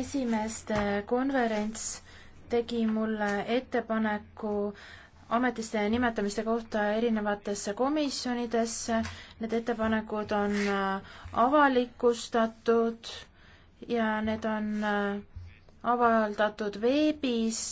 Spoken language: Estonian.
esimeeste äh, konverents tegi mulle ettepaneku ametisse nimetamiste kohta erinevatesse komisjonidesse. Need ettepanekud on äh, avalikustatud ja need on äh, avaldatud veebis